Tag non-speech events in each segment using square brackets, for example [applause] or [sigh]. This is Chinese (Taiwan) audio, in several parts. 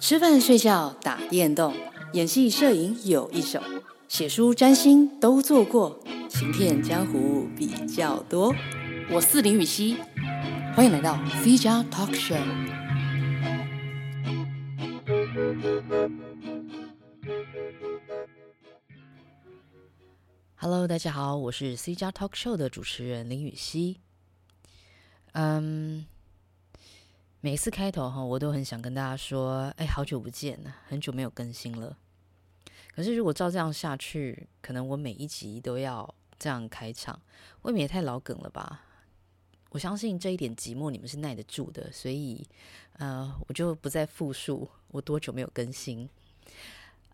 吃飯、睡覺、打電動，演戲、攝影有一手，寫書、占星都做過，行騙江湖比較多。我是林予晞，歡迎來到 C 加 Talk Show。Hello，大家好，我是 C 加 Talk Show 的主持人林予晞。嗯、um,。每次開頭哈，我都很想跟大家說，哎、欸，好久不見了，很久沒有更新了。可是如果照這樣下去，可能我每一集都要這樣開場，未免也太老梗了吧？我相信這一點寂寞你們是耐得住的，所以呃，我就不再複述我多久沒有更新。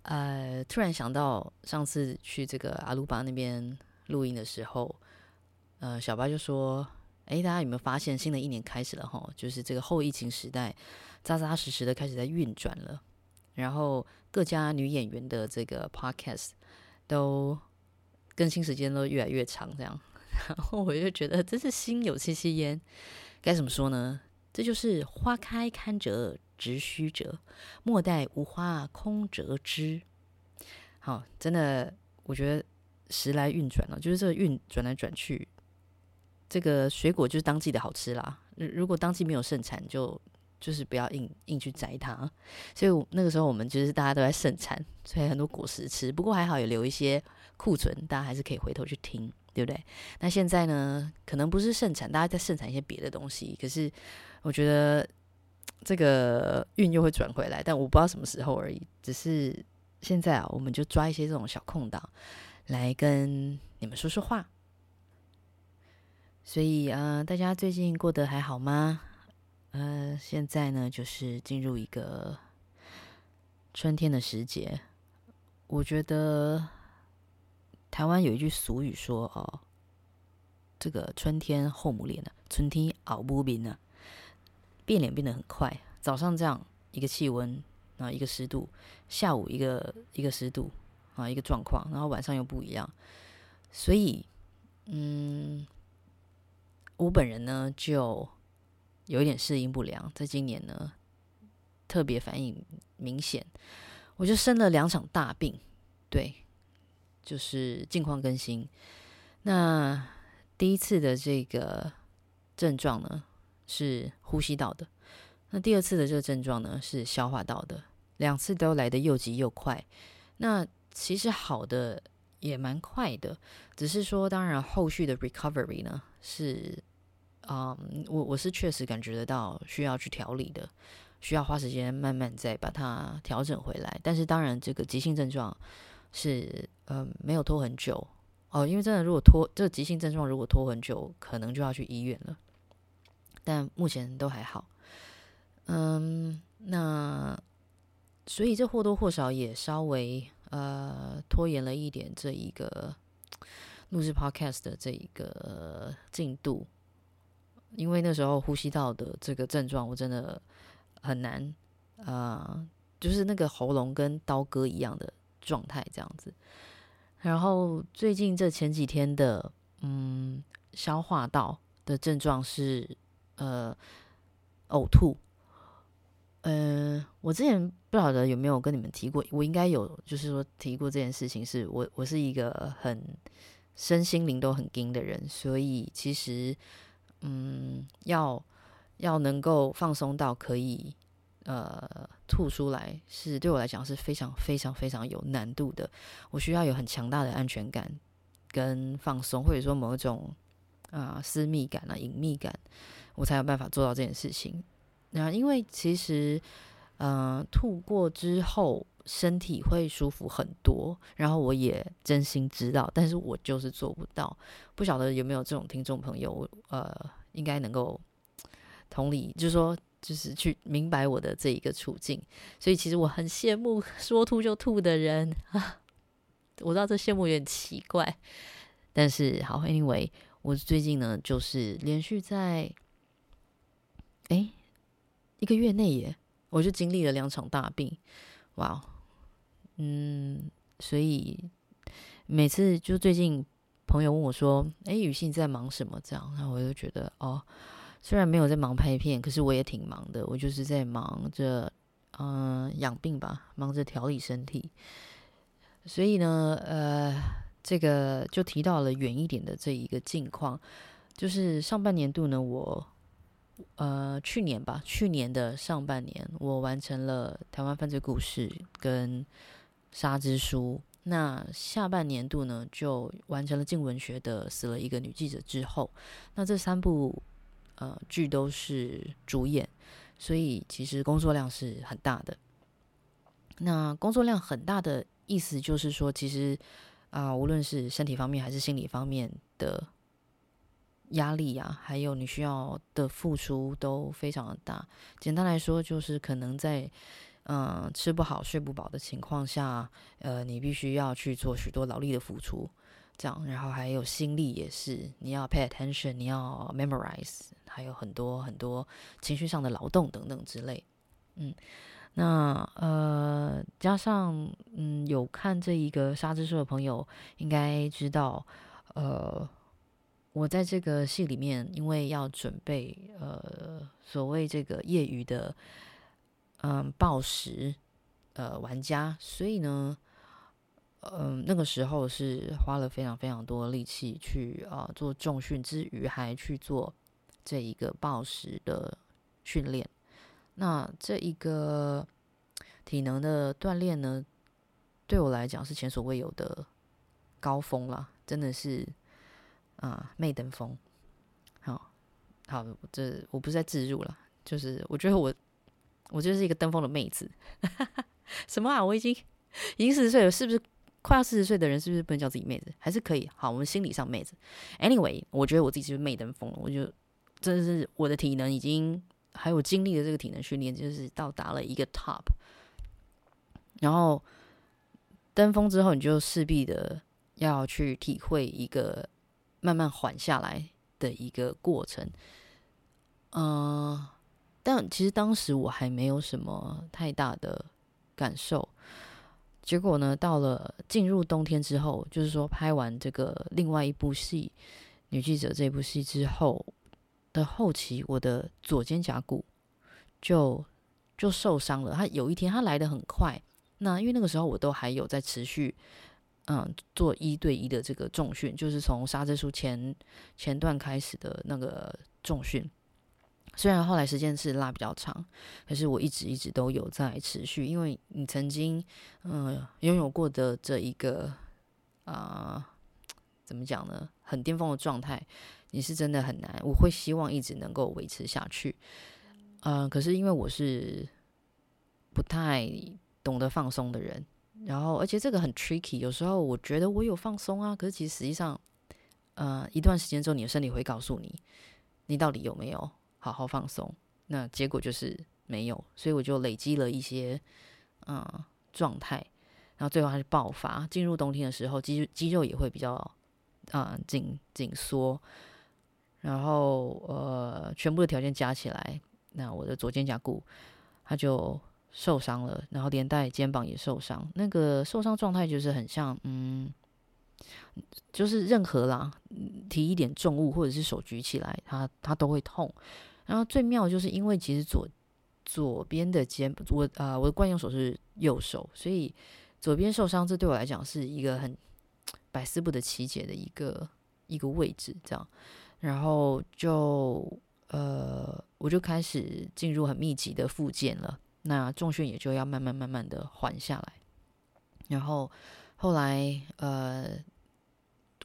呃，突然想到上次去這個阿魯巴那邊錄音的時候，呃，小巴就說。哎，大家有沒有發現，新的一年開始了吼，就是這個後疫情時代，扎扎實實的開始在運轉了。然後各家女演員的這個 podcast 都更新時間都越來越長，這樣。然後我就覺得真是心有戚戚焉，該怎麼說呢？這就是花開堪折直須折，莫待無花空折枝。好，真的，我覺得時來運轉了，就是這個運轉來轉去。這個水果就是當季的好吃啦，如果當季沒有盛產，就就就是不要硬硬去摘它。所以我那個時候，我們就是大家都在盛產，所以很多果實吃。不過還好有留一些庫存，大家還是可以回頭去聽，對不對？那現在呢，可能不是盛產，大家在盛產一些別的東西。可是我覺得這個運又會轉回來，但我不知道什麼時候而已。只是現在啊，我們就抓一些這種小空檔來跟你們說說話。所以啊、呃，大家最近過得還好嗎？呃，現在呢，就是進入一個春天的時節。我覺得台灣有一句俗語說：“哦，這個春天後母臉呢、啊，春天熬不平了，變臉變得很快。早上這樣一個氣溫啊，然後一個濕度，下午一個一個濕度啊，然後一個狀況，然後晚上又不一樣。所以，嗯。”我本人呢，就有一點適應不良，在今年呢，特別反應明顯，我就生了兩場大病，對，就是近況更新。那第一次的這個症狀呢，是呼吸道的；那第二次的這個症狀呢，是消化道的。兩次都來得又急又快，那其實好的也蠻快的，只是說當然後續的 recovery 呢是。啊，um, 我我是確實感覺得到需要去調理的，需要花時間慢慢再把它調整回來。但是當然，這個急性症狀是呃、嗯、沒有拖很久哦，oh, 因為真的如果拖這個急性症狀如果拖很久，可能就要去醫院了。但目前都還好。嗯，那所以這或多或少也稍微呃拖延了一點這一個錄製 Podcast 的這一個進度。因為那時候呼吸道的這個症狀，我真的很難，呃，就是那個喉嚨跟刀割一樣的狀態，這樣子。然後最近這前幾天的，嗯，消化道的症狀是呃嘔吐。嗯、呃，我之前不曉得有沒有跟你們提過，我應該有，就是說提過這件事情。是我我是一個很身心靈都很精的人，所以其實。嗯，要要能夠放鬆到可以呃吐出來是，是對我來講是非常非常非常有難度的。我需要有很強大的安全感跟放鬆，或者說某一種啊、呃、私密感啊隱秘感，我才有辦法做到這件事情。那因為其實嗯、呃、吐過之後身體會舒服很多，然後我也真心知道，但是我就是做不到。不曉得有沒有這種聽眾朋友呃。應該能夠同理，就是說就是去明白我的這一個處境，所以其實我很羨慕說吐就吐的人啊。 [laughs] 我知道這羨慕有點奇怪，但是好，因為，我最近呢就是連續在，哎，一個月內耶，我就經歷了兩場大病，哇、wow，嗯，所以每次就最近。朋友問我說：“哎、欸，予晞你在忙什麼？”這樣，那、啊、我就覺得哦，雖然沒有在忙拍片，可是我也挺忙的。我就是在忙着嗯養病吧，忙着調理身體。所以呢，呃，這個就提到了遠一點的這一個近況，就是上半年度呢，我呃去年吧，去年的上半年，我完成了《台灣犯罪故事》跟《沙之書》。那下半年度呢，就完成了《靜文學》的死了一個女記者之後。那這三部呃劇都是主演，所以其實工作量是很大的。那工作量很大的意思就是說，其實啊、呃，無論是身體方面還是心理方面的壓力啊，還有你需要的付出都非常的大。簡單來說，就是可能在，嗯，吃不好睡不飽的情況下，呃，你必須要去做許多勞力的付出，這樣，然後還有心力也是，你要 pay attention，你要 memorize，還有很多很多情緒上的勞動等等之類。嗯，那呃，加上嗯，有看這一個沙之書的朋友應該知道，呃，我在這個戲裡面，因為要準備呃，所謂這個業餘的。嗯，暴食，呃，玩家，所以呢，嗯、呃，那個時候是花了非常非常多力氣去啊、呃、做重訓之餘，還去做這一個暴食的訓練。那這一個體能的鍛鍊呢，對我來講是前所未有的高峰啦，真的是啊、呃，媚登峯。好，好，這我不是在置入了，就是我覺得我。我就是一個登峯的妹子， [laughs] 什麼啊？我已經已經四十歲了，是不是快要四十歲的人？是不是不能叫自己妹子？還是可以？好，我們心理上妹子。Anyway，我覺得我自己就是妹登峯了。我就真的是我的體能已經還有經歷的這個體能訓練，就是到達了一個 top。然後登峯之後，你就勢必的要去體會一個慢慢緩下來的一個過程。嗯、呃。但其實當時我還沒有什麼太大的感受。結果呢，到了進入冬天之後，就是說拍完這個另外一部戲《女記者》這部戲之後的後期，我的左肩胛骨就就受傷了。他有一天他來得很快，那因為那個時候我都還有在持續嗯做一對一的這個重訓，就是從沙之術前前段開始的那個重訓。雖然後來時間是拉比較長，可是我一直一直都有在持續，因為你曾經嗯、呃、擁有過的這一個啊、呃，怎麼講呢？很巔峰的狀態，你是真的很難。我會希望一直能夠維持下去，嗯、呃，可是因為我是不太懂得放鬆的人，然後而且這個很 tricky，有時候我覺得我有放鬆啊，可是其實實際上，呃，一段時間之後，你的身體會告訴你，你到底有沒有。好好放鬆，那結果就是沒有，所以我就累積了一些嗯狀態，然後最後還是爆發。進入冬天的時候，肌肌肉也會比較啊、呃、緊緊縮，然後呃，全部的條件加起來，那我的左肩胛骨它就受傷了，然後連帶肩膀也受傷。那個受傷狀態就是很像嗯，就是任何啦，提一點重物或者是手舉起來，它它都會痛。然後最妙就是因為其實左左邊的肩，我啊、呃、我的慣用手是右手，所以左邊受傷，這對我來講是一個很百思不得其解的一個一個位置，這樣，然後就呃我就開始進入很密集的復健了，那重訓也就要慢慢慢慢的緩下來，然後後來呃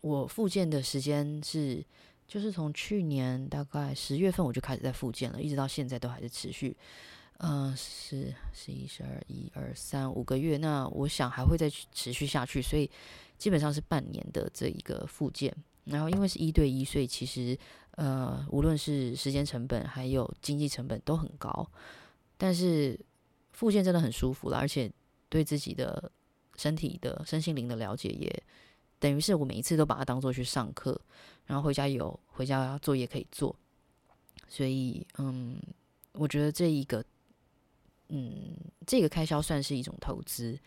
我復健的時間是。就是從去年大概十月份我就開始在復健了，一直到現在都還是持續，嗯、呃，是十一、十二、一二三五個月，那我想還會再持續下去，所以基本上是半年的這一個復健。然後因為是一對一，所以其實呃，無論是時間成本還有經濟成本都很高，但是復健真的很舒服了，而且對自己的身體的身心靈的了解也。等於是我每一次都把它當做去上課，然後回家有回家作業可以做，所以嗯，我覺得這一個嗯，這個開銷算是一種投資。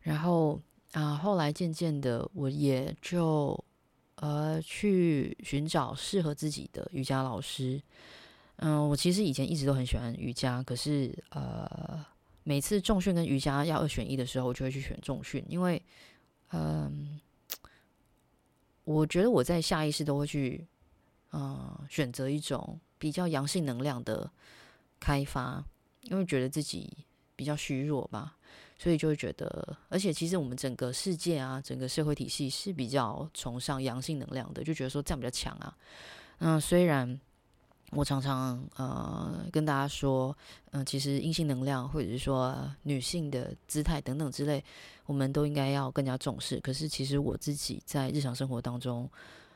然後啊，後來漸漸的我也就呃去尋找適合自己的瑜伽老師。嗯、呃，我其實以前一直都很喜歡瑜伽，可是呃每次重訓跟瑜伽要二選一的時候，我就會去選重訓，因為嗯。呃我覺得我在下意識都會去，呃、嗯，選擇一種比較陽性能量的開發，因為覺得自己比較虛弱吧，所以就會覺得，而且其實我們整個世界啊，整個社會體系是比較崇尚陽性能量的，就覺得說這樣比較強啊，嗯，雖然。我常常呃跟大家說，嗯、呃，其實陰性能量或者是說女性的姿態等等之類，我們都應該要更加重視，可是其實我自己在日常生活當中，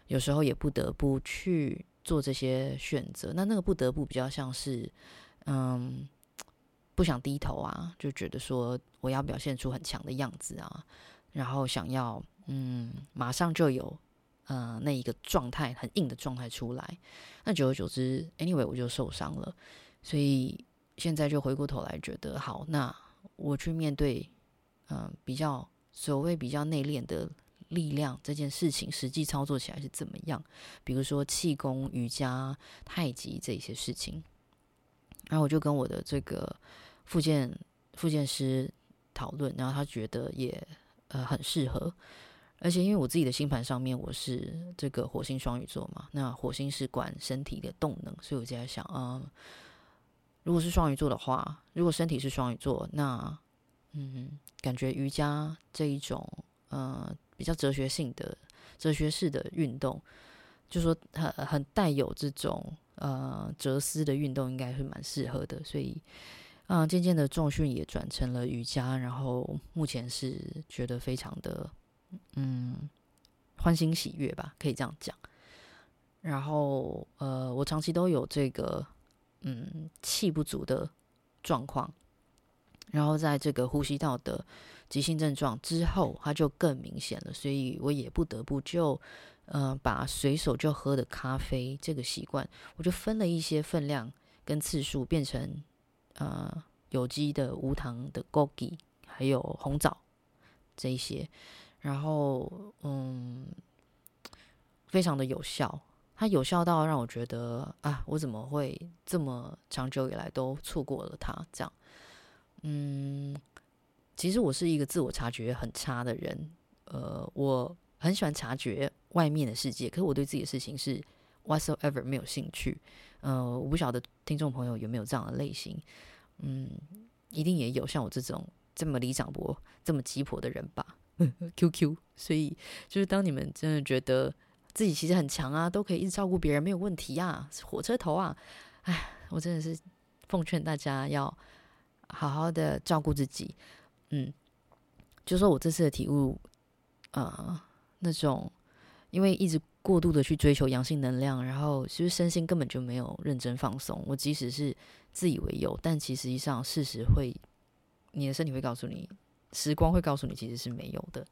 有時候也不得不去做這些選擇。那那個不得不比較像是，嗯、呃，不想低頭啊，就覺得說我要表現出很強的樣子啊，然後想要嗯馬上就有。呃，那一個狀態很硬的狀態出來，那久而久之，anyway 我就受傷了，所以現在就回過頭來覺得，好，那我去面對，嗯、呃，比較所謂比較內斂的力量這件事情，實際操作起來是怎麼樣？比如說氣功、瑜伽、太極這些事情，然後我就跟我的這個復健、復健師討論，然後他覺得也呃很適合。而且因為我自己的星盤上面我是這個火星雙魚座嘛，那火星是管身體的動能，所以我就在想啊、嗯，如果是雙魚座的話，如果身體是雙魚座，那嗯，感覺瑜伽這一種呃、嗯、比較哲學性的、哲學式的運動，就說很很帶有這種呃、嗯、哲思的運動，應該是蠻適合的。所以啊，嗯、漸漸的重訓也轉成了瑜伽，然後目前是覺得非常的。嗯，歡欣喜悅吧，可以這樣講。然後，呃，我長期都有這個嗯氣不足的狀況，然後在這個呼吸道的急性症狀之後，它就更明顯了，所以我也不得不就呃，把隨手就喝的咖啡這個習慣，我就分了一些分量跟次數，變成呃有機的無糖的枸杞還有紅棗這一些。然後，嗯，非常的有效，它有效到讓我覺得啊，我怎麼會這麼長久以來都錯過了它？這樣，嗯，其實我是一個自我察覺很差的人，呃，我很喜歡察覺外面的世界，可是我對自己的事情是 whatsoever 沒有興趣。呃，我不曉得聽眾朋友有沒有這樣的類型，嗯，一定也有像我這種這麼理想不過，這麼急迫的人吧。 [laughs] Q Q，所以就是當你們真的覺得自己其實很強啊，都可以一直照顧別人沒有問題啊，火車頭啊，哎，我真的是奉勸大家要好好的照顧自己。嗯，就說我這次的體悟，啊、呃，那種因為一直過度的去追求陽性能量，然後其實身心根本就沒有認真放鬆。我即使是自以為有，但其實際上事實會，你的身體會告訴你。時光會告訴你，其實是沒有的，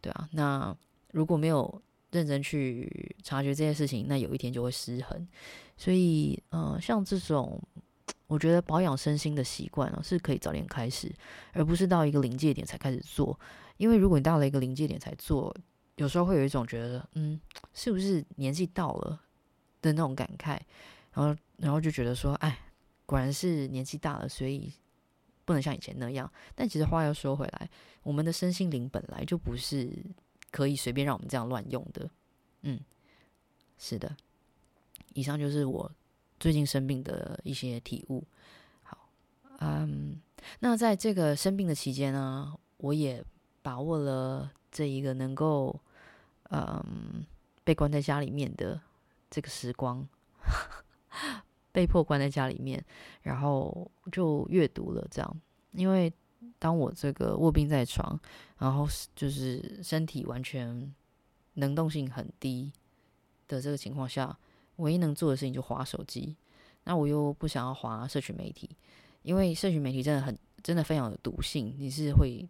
對啊。那如果沒有認真去察覺這些事情，那有一天就會失衡。所以，嗯、呃，像這種，我覺得保養身心的習慣啊，是可以早點開始，而不是到一個臨界點才開始做。因為如果你到了一個臨界點才做，有時候會有一種覺得，嗯，是不是年紀到了的那種感慨，然後，然後就覺得說，哎，果然是年紀大了，所以。不能像以前那樣，但其實話又說回來，我們的身心靈本來就不是可以隨便讓我們這樣亂用的。嗯，是的，以上就是我最近生病的一些體悟。好，嗯，那在這個生病的期間呢，我也把握了這一個能夠嗯被關在家裡面的這個時光。 [laughs] 被迫關在家裡面，然後就閱讀了這樣。因為當我這個臥病在床，然後就是身體完全能動性很低的這個情況下，唯一能做的事情就滑手機。那我又不想要滑社群媒體，因為社群媒體真的很真的非常有毒性，你是會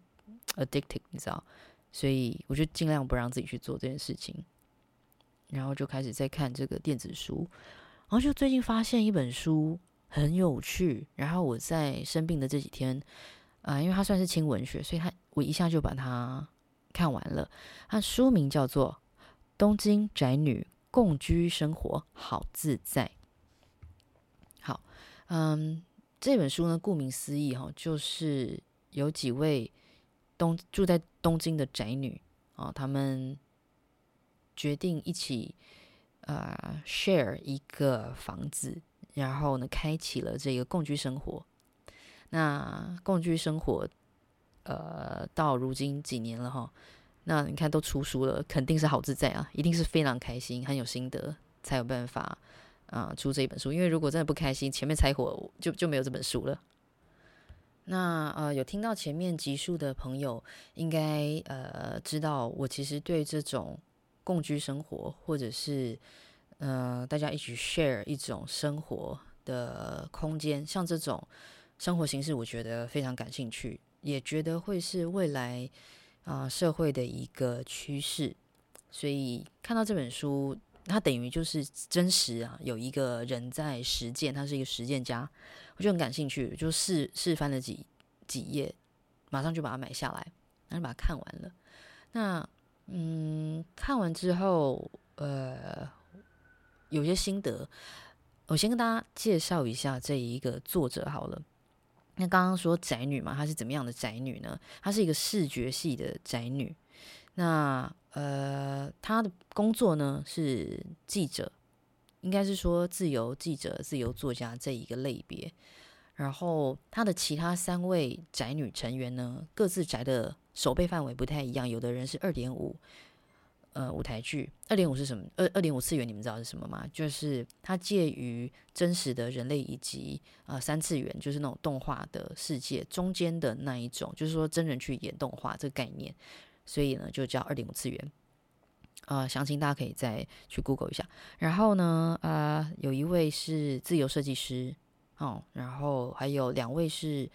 addictive，你知道？所以我就儘量不讓自己去做這件事情。然後就開始在看這個電子書。然後就最近發現一本書很有趣，然後我在生病的這幾天，啊，因為它算是輕文學，所以它我一下就把它看完了。它書名叫做《東京宅女共居生活好自在》。好，嗯，這本書呢，顧名思義、哦，哈，就是有幾位東住在東京的宅女啊，哦、他們決定一起。啊、呃、share 一個房子，然後呢，開啟了這個共居生活。那共居生活，呃，到如今幾年了哈，那你看都出書了，肯定是好自在啊，一定是非常開心，很有心得，才有辦法啊、呃、出這一本書。因為如果真的不開心，前面才火，就就沒有這本書了。那呃，有聽到前面集數的朋友，應該呃知道，我其實對這種。共居生活，或者是，嗯、呃，大家一起 share 一種生活的空間，像這種生活形式，我覺得非常感興趣，也覺得會是未來啊、呃、社會的一個趨勢。所以看到這本書，它等於就是真實啊，有一個人在實踐，他是一個實踐家，我就很感興趣，就試試翻了幾幾頁，馬上就把它買下來，然後把它看完了。那嗯，看完之後，呃，有些心得。我先跟大家介紹一下這一個作者好了。那剛剛說宅女嘛，她是怎麼樣的宅女呢？她是一個視覺系的宅女。那呃，她的工作呢是記者，應該是說自由記者、自由作家這一個類別。然後她的其他三位宅女成員呢，各自宅的，手背範圍不太一樣，有的人是二點五，呃，舞台劇二點五是什麼？二二點五次元，你們知道是什麼嗎？就是它介於真實的人類以及呃三次元，就是那種動畫的世界中間的那一種，就是說真人去演動畫這個概念，所以呢就叫二點五次元，啊、呃，詳情大家可以再去 Google 一下。然後呢啊、呃，有一位是自由設計師哦，然後還有兩位是。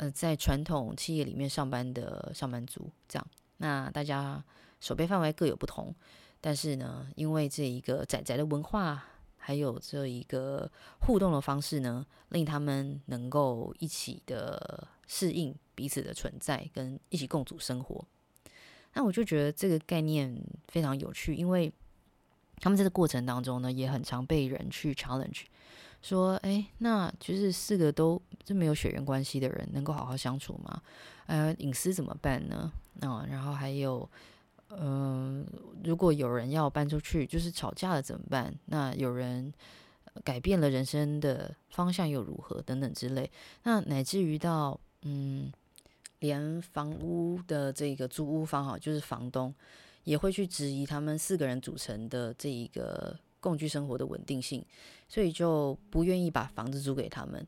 呃，在傳統企業裡面上班的上班族，這樣，那大家守備範圍各有不同，但是呢，因為這一個宅宅的文化，還有這一個互動的方式呢，令他們能夠一起的適應彼此的存在，跟一起共組生活。那我就覺得這個概念非常有趣，因為他們在這個過程當中呢，也很常被人去 challenge。說，哎，那其實四個都這沒有血緣關係的人，能夠好好相處嗎？呃，隱私怎麼辦呢？啊、哦，然後還有，嗯、呃，如果有人要搬出去，就是吵架了怎麼辦？那有人改變了人生的方向又如何？等等之類。那乃至於到，嗯，連房屋的這個租屋方啊，就是房東，也會去質疑他們四個人組成的這一個。共居生活的穩定性，所以就不願意把房子租給他們。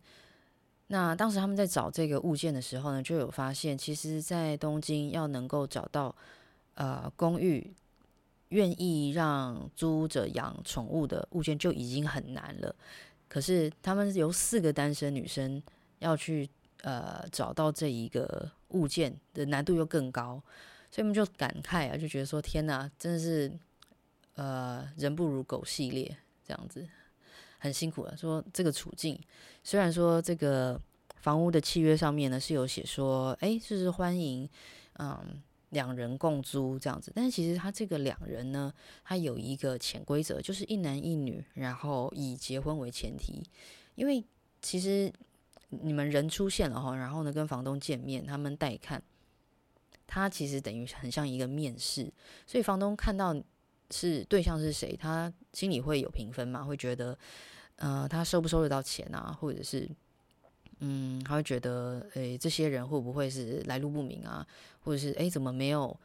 那當時他們在找這個物件的時候呢，就有發現，其實，在東京要能夠找到呃公寓願意讓租者養寵物的物件就已經很難了。可是他們由四個單身女生要去呃找到這一個物件的難度又更高，所以我們就感慨啊，就覺得說天哪，啊，真的是。呃，人不如狗系列這樣子，很辛苦了。說這個處境，雖然說這個房屋的契約上面呢是有寫說，哎、欸，就是歡迎，嗯，兩人共租這樣子。但是其實他這個兩人呢，他有一個潛規則，就是一男一女，然後以結婚為前提。因為其實你們人出現了哈，然後呢跟房東見面，他們帶看，他其實等於很像一個面試，所以房東看到。是對象是誰？他心裡會有評分嘛？會覺得，呃，他收不收得到錢啊？或者是，嗯，他會覺得，欸，這些人會不會是來路不明啊？或者是，欸，怎麼沒有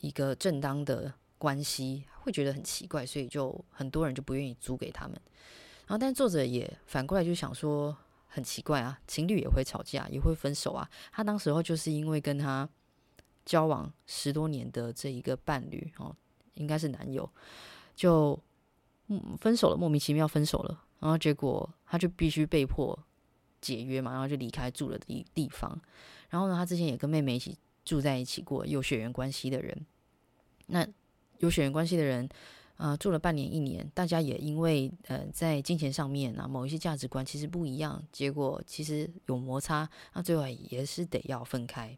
一個正當的關係？會覺得很奇怪，所以就很多人就不願意租給他們。然後，但是作者也反過來就想說，很奇怪啊，情侶也會吵架，也會分手啊。他當時就是因為跟他交往十多年的這一個伴侶哦。應該是男友就、嗯、分手了，莫名其妙分手了，然後結果他就必須被迫解約嘛，然後就離開住了的地方。然後呢，他之前也跟妹妹一起住在一起過，有血緣關係的人，那有血緣關係的人，呃，住了半年一年，大家也因為呃在金錢上面啊，某一些價值觀其實不一樣，結果其實有摩擦，那最後也是得要分開。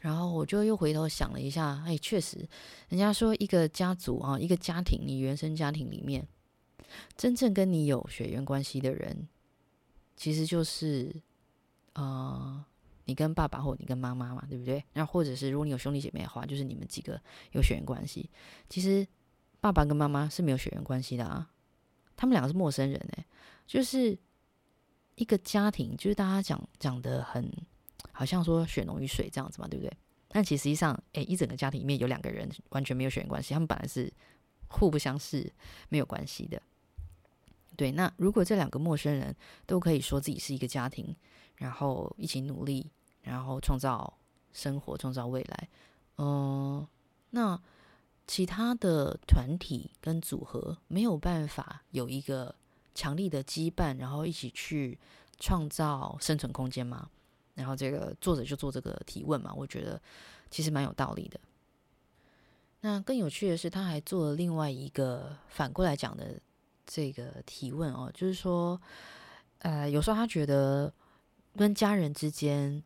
然後我就又回頭想了一下，哎，確實，人家說一個家族啊，一個家庭，你原生家庭裡面，真正跟你有血緣關係的人，其實就是呃你跟爸爸或你跟媽媽嘛，對不對？那或者是如果你有兄弟姐妹的話，就是你們幾個有血緣關係。其實爸爸跟媽媽是沒有血緣關係的啊，他們兩個是陌生人哎、欸。就是一個家庭，就是大家講講的很。好像說血濃於水這樣子嘛，對不對？但其實，實際上，哎，一整個家庭裡面有兩個人完全沒有血緣關係，他們本來是互不相識、沒有關係的。對，那如果這兩個陌生人都可以說自己是一個家庭，然後一起努力，然後創造生活、創造未來，嗯、呃，那其他的團體跟組合沒有辦法有一個強力的羈絆，然後一起去創造生存空間嗎？然後這個作者就做這個提問嘛，我覺得其實蠻有道理的。那更有趣的是，他還做了另外一個反過來講的這個提問哦，就是說，呃，有時候他覺得跟家人之間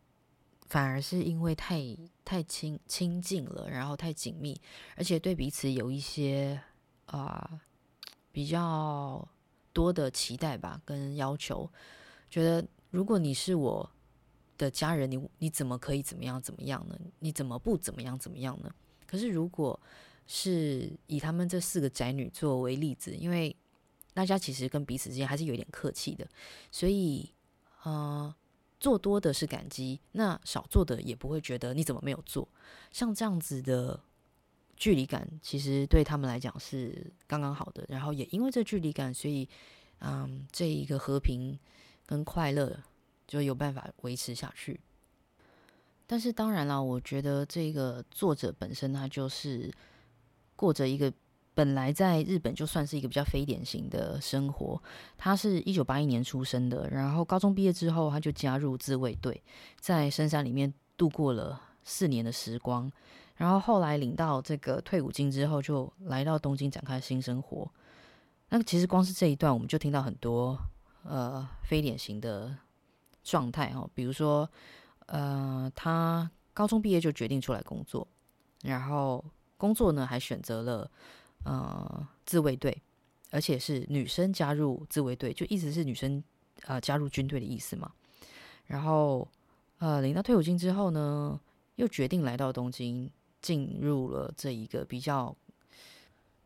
反而是因為太太親親近了，然後太緊密，而且對彼此有一些啊、呃、比較多的期待吧，跟要求，覺得如果你是我。的家人你，你你怎麼可以怎麼樣怎麼樣呢？你怎麼不怎麼樣怎麼樣呢？可是如果是以他們這四個宅女作為例子，因為大家其實跟彼此之間還是有點客氣的，所以呃，做多的是感激，那少做的也不會覺得你怎麼沒有做。像這樣子的距離感，其實對他們來講是剛剛好的。然後也因為這距離感，所以嗯、呃，這一個和平跟快樂。就有辦法維持下去，但是當然啦，我覺得這個作者本身他就是過着一個本來在日本就算是一個比較非典型的生活。他是一九八一年出生的，然後高中畢業之後他就加入自衛隊，在深山裡面度過了四年的時光，然後後來領到這個退伍金之後，就來到東京展開新生活。那其實光是這一段，我們就聽到很多呃非典型的。狀態哦，比如說，呃，他高中畢業就決定出來工作，然後工作呢還選擇了呃自衛隊，而且是女生加入自衛隊，就一直是女生啊、呃、加入軍隊的意思嘛。然後呃領到退伍金之後呢，又決定來到東京，進入了這一個比較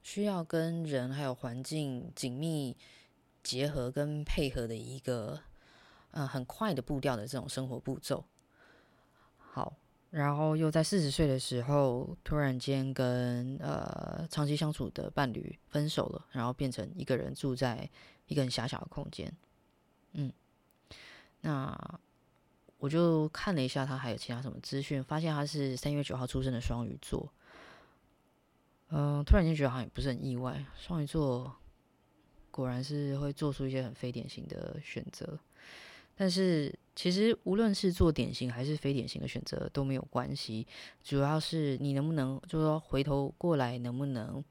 需要跟人還有環境緊密結合跟配合的一個。嗯，很快的步調的這種生活步驟，好，然後又在四十歲的時候，突然間跟呃長期相處的伴侶分手了，然後變成一個人住在一個很狹小的空間。嗯，那我就看了一下他還有其他什麼資訊，發現他是三月九號出生的雙魚座。嗯、呃，突然間覺得好像也不是很意外，雙魚座果然是會做出一些很非典型的選擇。但是，其實無論是做典型還是非典型的選擇都沒有關係，主要是你能不能，就是說回頭過來能不能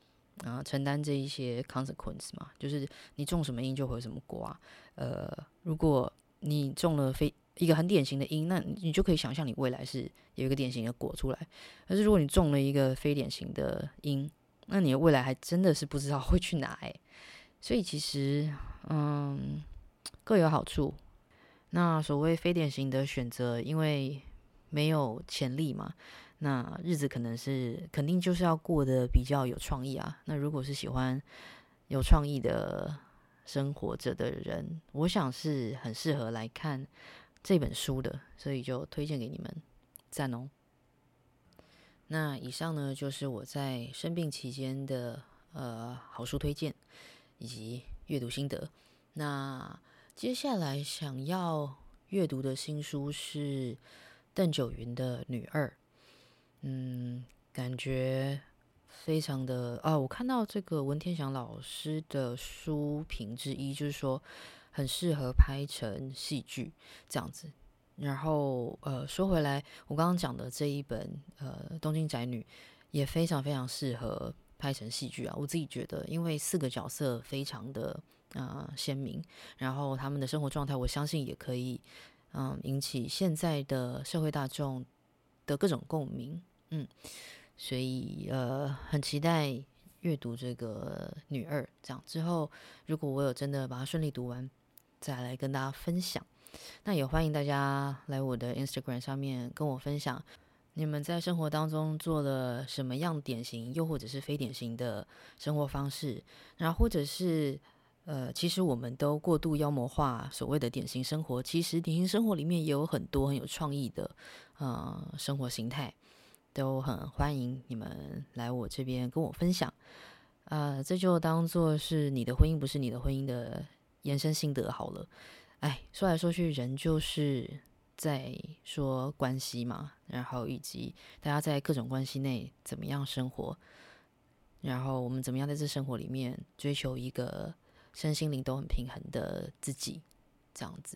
啊承擔這一些 consequence 嘛？就是你種什麼因就會有什麼果，啊。呃，如果你種了非一個很典型的因，那你就可以想象你未來是有一個典型的果出來。但是如果你種了一個非典型的因，那你的未來還真的是不知道會去哪，欸。所以，其實嗯，各有好處。那所謂非典型的選擇，因為沒有潛力嘛，那日子可能是肯定就是要過得比較有創意啊。那如果是喜歡有創意的生活着的人，我想是很適合來看這本書的，所以就推薦給你們，贊哦。那以上呢，就是我在生病期間的呃好書推薦以及閱讀心得。那。接下來想要閱讀的新書是鄧九雲的《女二》，嗯，感覺非常的啊，哦，我看到這個文天祥老師的書評之一，就是說很適合拍成戲劇這樣子。然後呃，說回來，我剛剛講的這一本呃《東京宅女》也非常非常適合拍成戲劇啊，我自己覺得，因為四個角色非常的。嗯，鮮、呃、明，然後他們的生活狀態，我相信也可以，嗯、呃，引起現在的社會大眾的各種共鳴，嗯，所以呃，很期待閱讀這個女二，這樣之後，如果我有真的把它順利讀完，再來跟大家分享，那也歡迎大家來我的 Instagram 上面跟我分享，你們在生活當中做了什麼樣典型，又或者是非典型的生活方式，然後或者是。呃，其實我們都過度妖魔化所謂的典型生活，其實典型生活裡面也有很多很有創意的呃生活形態，都很歡迎你們來我這邊跟我分享。啊、呃，這就當做是你的婚姻不是你的婚姻的延伸心得好了。哎，說來說去，人就是在說關係嘛，然後以及大家在各種關係內怎麼樣生活，然後我們怎麼樣在這生活裡面追求一個。身心靈都很平衡的自己，這樣子。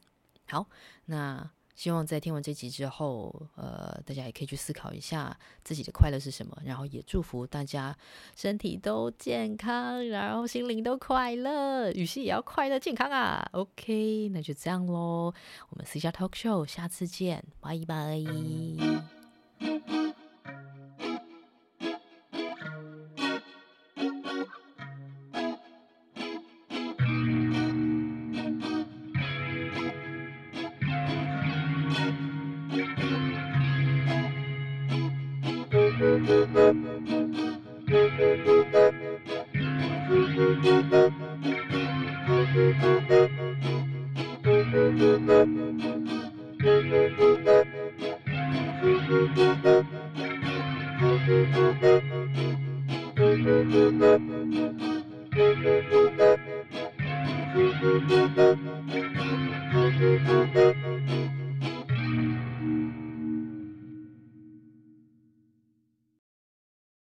好，那希望在聽完這集之後，呃，大家也可以去思考一下自己的快樂是什麼？然後也祝福大家身體都健康，然後心靈都快樂，予晞也要快樂健康啊。OK，那就這樣嘍，我們私家 talk show，下次見，拜拜。